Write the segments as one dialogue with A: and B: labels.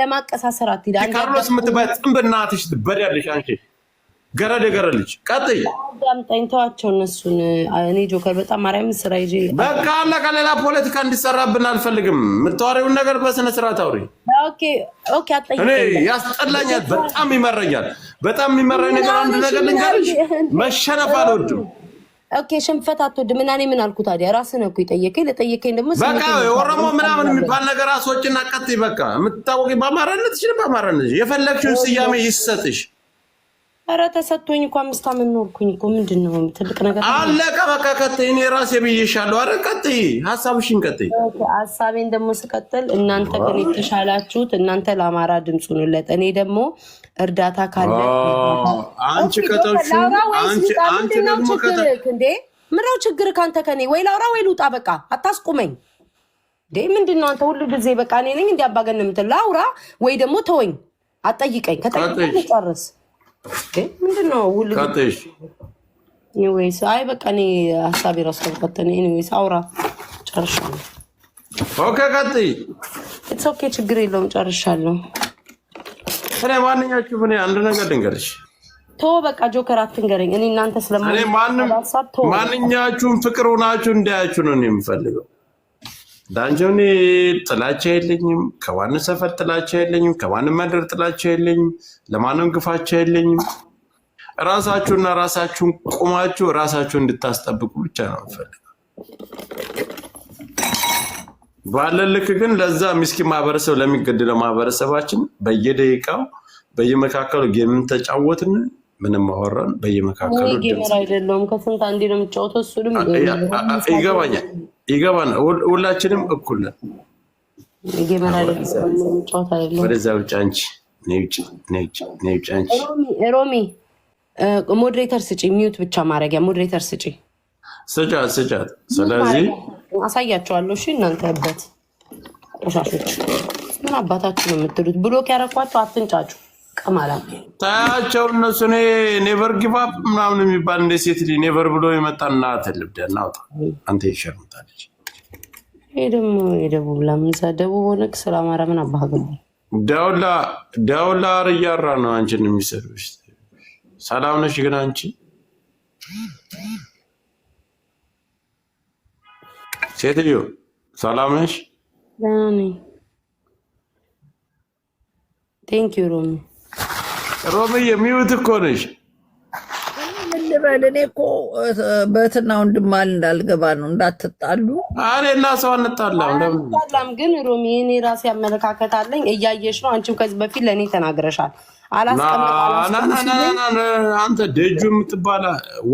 A: ለማቀሳሰር አትሄድ።
B: ካርሎስ የምትባይ ጥንብ እናትሽ አንቺ ገረደ ገረልች ቀጥይ።
A: አዳምጠኝ፣ ተዋቸው እነሱን። እኔ ጆከር በጣም ማርያምን ስራ ይዤ
B: በቃ አለቀ። ሌላ ፖለቲካ እንዲሰራብን አልፈልግም። የምታወሪውን ነገር በስነ ስርዓት አውሪ። እኔ ያስጠላኛል፣ በጣም ይመረኛል። በጣም የሚመራኝ ነገር አንድ ነገር ልንገርሽ፣ መሸነፍ አልወድም
A: ኦኬ ሽንፈት አትወድም እና እኔ ምን አልኩ ታዲያ? ነው እኮ የጠየቀኝ ለጠየቀኝ ደግሞ
B: በቃ የኦሮሞ ምናምን የሚባል ነገር አስወጭና ቀጥይ። በቃ የምትታወቂ በአማራነትሽ በአማራነትሽ የፈለግሽውን ስያሜ ይሰጥሽ።
A: ኧረ ተሰጥቶኝ እኮ አምስት ዓመት ኖርኩኝ እኮ ምንድን ነው ትልቅ ነገር
B: አለቀ። በቃ ቀጥይ፣ እኔ ራሴ ብዬሻለሁ። አረ ቀጥይ፣ ሀሳብሽን ቀጥይ።
A: ሀሳቤን ደግሞ ስቀጥል እናንተ ግን የተሻላችሁት እናንተ ለአማራ ድምፅ ሁኑለት። እኔ ደግሞ እርዳታ ካለ
B: አንቺ ከተውሽ
A: እንዴ ምነው ችግር ካንተ ከኔ ወይ ላውራ ወይ ልውጣ። በቃ አታስቁመኝ እንዴ ምንድን ነው አንተ ሁሉ ጊዜ በቃ እኔ ነኝ እንዲ አባገን የምትል ላውራ ወይ ደግሞ ተወኝ፣ አጠይቀኝ
B: ከጠይቀኝ ጨርስ ምንድነው ነው
A: ኒዌይስ አይ በቃ እኔ ሀሳብ ራሱ ተበቀተነ። ኒዌይስ አውራ ጨርሻለሁ።
B: ኦኬ ቀጥይ።
A: ኢትስ ኦኬ ችግር የለውም ጨርሻለሁ።
B: እኔ ማንኛችሁ እኔ አንድ ነገር ድንገርሽ
A: ቶ በቃ ጆከር አትንገረኝ። እኔ እናንተ ስለማ
B: ማንኛችሁም ፍቅር ሆናችሁ እንዳያችሁ ነው የምፈልገው ዳንጆን ጥላቻ የለኝም። ከማንም ሰፈር ጥላቻ የለኝም። ከማንም መንደር ጥላቻ የለኝም። ለማንም ግፋቻ የለኝም። ራሳችሁና ራሳችሁን ቁማችሁ ራሳችሁን እንድታስጠብቁ ብቻ ነው የምፈልገው። ባለልክ ልክ ግን ለዛ ምስኪን ማህበረሰብ ለሚገድለው ማህበረሰባችን በየደቂቃው በየመካከሉ ጌምን ተጫወትን፣ ምንም አወራን። በየመካከሉ ይገባኛል። ይገባና ሁላችንም እኩል ነን። ወደዛ ውጭ አንቺ ውጭ አንቺ
A: ሮሚ ስጪ፣ ሚዩት ብቻ ማድረጊያ ሞድሬተር ስጪ፣
B: ስጫት ስጫት። ስለዚህ
A: አሳያቸዋለሁ። እሺ እናንተ በት ቆሻሾች ምን አባታችሁ ነው የምትሉት? ብሎክ ያረኳቸው አትንጫጩ።
B: ታያቸው እነሱ እኔ ኔቨር ጊቫፕ ምናምን የሚባል እንደ ሴት ልጅ ኔቨር ብሎ የመጣ እናት ልብደ እናውጣ አንተ ይሸርምታለች።
A: ይህ ደግሞ የደቡብ ለምንሳ ደቡብ ሆነ ስለ አማራ ምን አባህ
B: ገባ ዳውላር እያራ ነው አንቺን የሚሰድብሽ። ሰላም ነሽ ግን አንቺ ሴትዮ ሰላም ነሽ?
A: ደህና ነኝ። ሮሚ
B: ሮምዬ የሚውት እኮ ነሽ።
A: ምን ልበል እኔ እኮ በትና ወንድማል እንዳልገባ ነው። እንዳትጣሉ።
B: አሬ እና ሰው አንጣላም።
A: ግን ሮሚ፣ እኔ ራሴ አመለካከት አለኝ። እያየሽ ነው። አንቺም ከዚህ በፊት ለእኔ ተናግረሻል።
B: አንተ ደጁ የምትባለ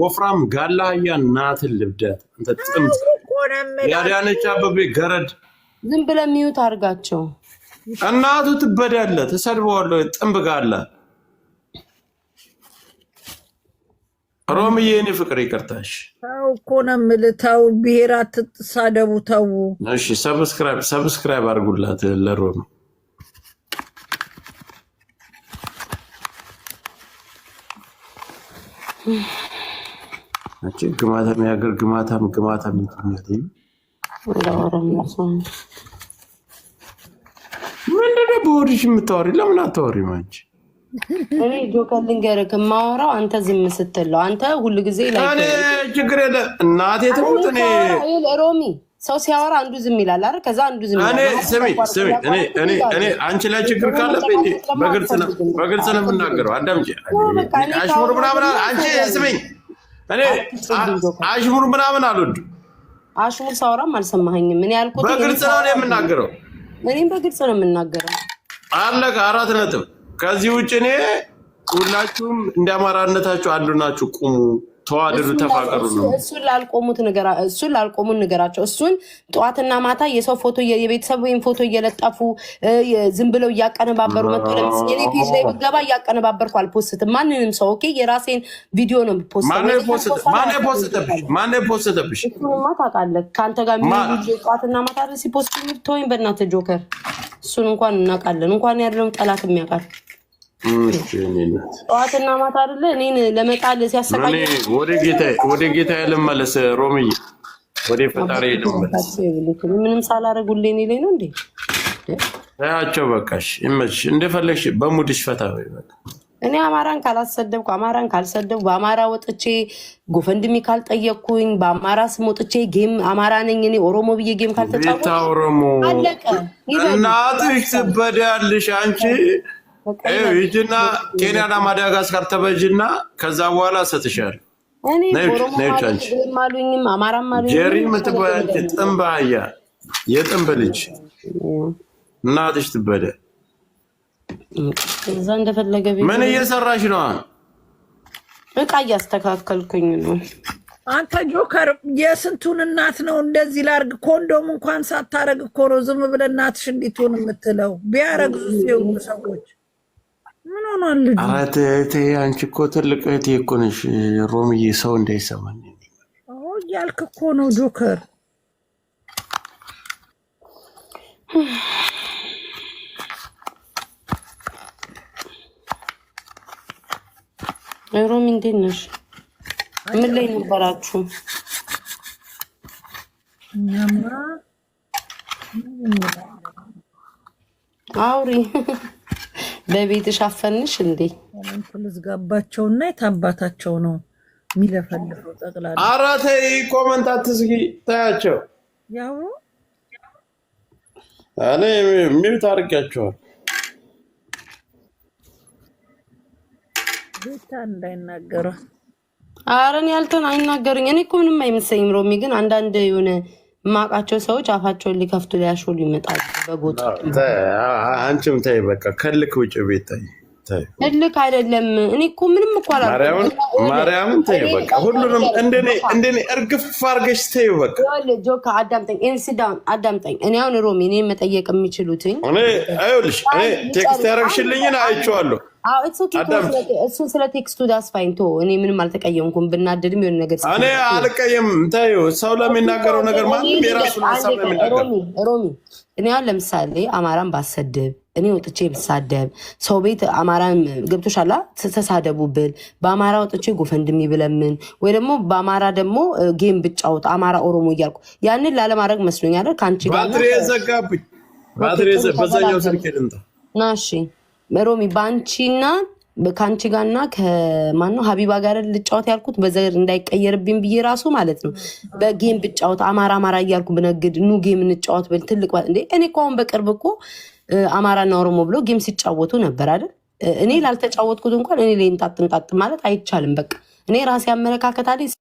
B: ወፍራም ጋላ አህያ ናትን ልብደት አንተ ጥምት ያዳነች አበቤ ገረድ
A: ዝም ብለህ ሚዩት አድርጋቸው።
B: እናቱ ትበዳለ ትሰድበዋለህ ጥምብ ጋላ ሮምዬ እኔ ፍቅር ይቅርታሽ።
A: ተው እኮ ነው የምልህ። ተው ብሔር አትሳደቡ። ተው
B: እሺ። ሰብስክራይብ ሰብስክራይብ አድርጉላት ለሮም እቺ ግማታም ያገር ግማታም ግማታም እንትነት ምንድነው በወዲሽ የምታወሪ? ለምን አታወሪም አንቺ?
A: እኔ ጆከር ልንገርህ የማወራው አንተ ዝም ስትለው፣ አንተ ሁሉ ጊዜ
B: ችግር የለ እናቴ ትሙት እኔ
A: ሮሚ ሰው ሲያወራ አንዱ ዝም ይላል አይደል? ከዛ አንዱ ዝም
B: ይላል። ስሚ ስሚ፣ እኔ እኔ እኔ አንቺ ላይ ችግር ካለብኝ በግልጽ ነው በግልጽ ነው የምናገረው። አዳምጪ። አሽሙር ምናምን አንቺ ስሚኝ፣ እኔ አሽሙር ምናምን አልወድም።
A: አሽሙር ሳወራም አልሰማኸኝም። ምን
B: ያልኩት በግልጽ ነው የምናገረው።
A: እኔም በግልጽ ነው የምናገረው።
B: አለቀ። አራት ነጥብ ከዚህ ውጭ እኔ ሁላችሁም እንደ አማራነታችሁ አንዱ ናችሁ፣ ቁሙ፣ ተዋደዱ፣ ተፋቀሩ ነው።
A: እሱን ላልቆሙን ንገራቸው። እሱን ጠዋትና ማታ የሰው ፎቶ የቤተሰብ ወይም ፎቶ እየለጠፉ ዝም ብለው እያቀነባበሩ መጥቶ የኔ ፔጅ ላይ ብገባ እያቀነባበርኩ አልፖስትም ማንንም ሰው ኦኬ። የራሴን ቪዲዮ ነው
B: ፖስትማን ፖስትብሽ
A: ታውቃለህ። ከአንተ ጋር ጠዋትና ማታ ሲፖስት የምትወይም በእናተ ጆከር፣ እሱን እንኳን እናውቃለን። እንኳን ያለውም ጠላት የሚያውቃል ጠዋትና ማታ አይደለ እኔን ለመጣል
B: ሲያሰቃይ ወደ ጌታ ሮምዬ ወደ ፈጣሪ ልመለስ።
A: ምንም ነው እንዴ?
B: ያቸው በቃሽ፣ ይመችሽ። እንደፈለግሽ በሙድሽ ፈታ በይ
A: እኔ አማራን ካላሰደብኩ አማራን ካልሰደብኩ በአማራ ወጥቼ ጎፈንድሚ ካልጠየቅኩኝ በአማራ ስም ወጥቼ ጌም አማራ ነኝ እኔ ኦሮሞ ብዬ ጌም
B: ኦሮሞ እናትሽ ትበዳያለሽ አንቺ ሂጂና ኬንያና ማዳጋስካር ተበጅና ከዛ በኋላ እሰጥሻለሁ። ጀሪ የምትባያች ጥንብ አህያ የጥንብ ልጅ እናትሽ ትበደ። ምን እየሰራሽ ነው?
A: እቃ እያስተካከልኩኝ ነው። አንተ ጆከር የስንቱን እናት ነው እንደዚህ ላርግ? ኮንዶም እንኳን ሳታረግ እኮ ነው ዝም ብለህ እናትሽ እንዲትሆን የምትለው። ቢያረግዙ ሰዎች
B: ምን ሆኗል? አራት እህቴ፣ አንቺ እኮ ትልቅ እህቴ እኮ ነሽ ሮምዬ። ሰው እንዳይሰማኝ
A: እያልክ እኮ ነው ጆከር። ሮሚ እንዴት ነሽ? ምን ላይ ነበራችሁ? አውሪ በቤት ሻፈንሽ እንዴ? ልዝጋባቸውና የታባታቸው ነው የሚለፈልፈው
B: ጠቅላላ። ኧረ ተይ ኮመንት አትስጊ። ታያቸው ያው እኔ ሚዩት አድርጊያቸዋል።
A: ቤታ እንዳይናገሯል። ኧረ እኔ ያልተን አይናገሩኝ። እኔ እኮ ምንም አይመስለኝም። ሮሚ ግን አንዳንድ የሆነ ማቃቸው ሰዎች አፋቸውን ሊከፍቱ ሊያሾሉ ይመጣሉ።
B: በጎጥ አንቺም ተይ በቃ ከልክ ውጭ ቤት ተይ
A: እልክ አይደለም። እኔ እኮ ምንም እኮ
B: አላውቅም። ማርያምን ተይው በቃ ሁሉንም እንደኔ እርግፍ አድርገሽ ተይው በቃ።
A: ጆካ አዳምጠኝ፣ ኢንስዳውን አዳምጠኝ። እኔ አሁን ሮሚ እኔ መጠየቅ የሚችሉትኝ
B: ይኸውልሽ፣ ቴክስት ያደረግሽልኝን አይቼዋለሁ
A: እሱን ስለ ቴክስቱ ዳስ ፋይንቶ እኔ ምንም አልተቀየምኩም። ብናደድም የሆነ ነገር
B: እኔ አልቀየምም። ተይው ሰው ለሚናገረው ነገር ማንም የራሱን ሀሳብ ሮሚ
A: እኔ አሁን ለምሳሌ አማራን ባሰድብ እኔ ወጥቼ ብሳደብ ሰው ቤት አማራን ገብቶሻላ ተሳደቡ ብል በአማራ ወጥቼ ጎፈንድሚ ብለምን ወይ ደግሞ በአማራ ደግሞ ጌም ብጫወት አማራ ኦሮሞ እያልኩ ያንን ላለማድረግ መስሎኛል።
B: ከአንቺ ጋር ባትሪ የዘጋብኝ ባትሪ በዛኛው ስልክ ልምጣ
A: ናሺ ሮሚ ባንቺና ከአንቺ ጋር እና ከማን ነው ሀቢባ ጋር ልጫወት ያልኩት በዘር እንዳይቀየርብኝ ብዬ ራሱ ማለት ነው። በጌም ብጫወት አማራ አማራ እያልኩ ብነግድ ኑ ጌም እንጫወት በል ትልቅ እንዴ! እኔ እኮ አሁን በቅርብ እኮ አማራና ኦሮሞ ብሎ ጌም ሲጫወቱ ነበር አይደል? እኔ ላልተጫወትኩት እንኳን እኔ ላይ እንጣጥ እንጣጥ ማለት አይቻልም። በቃ እኔ ራሴ አመለካከት አለ።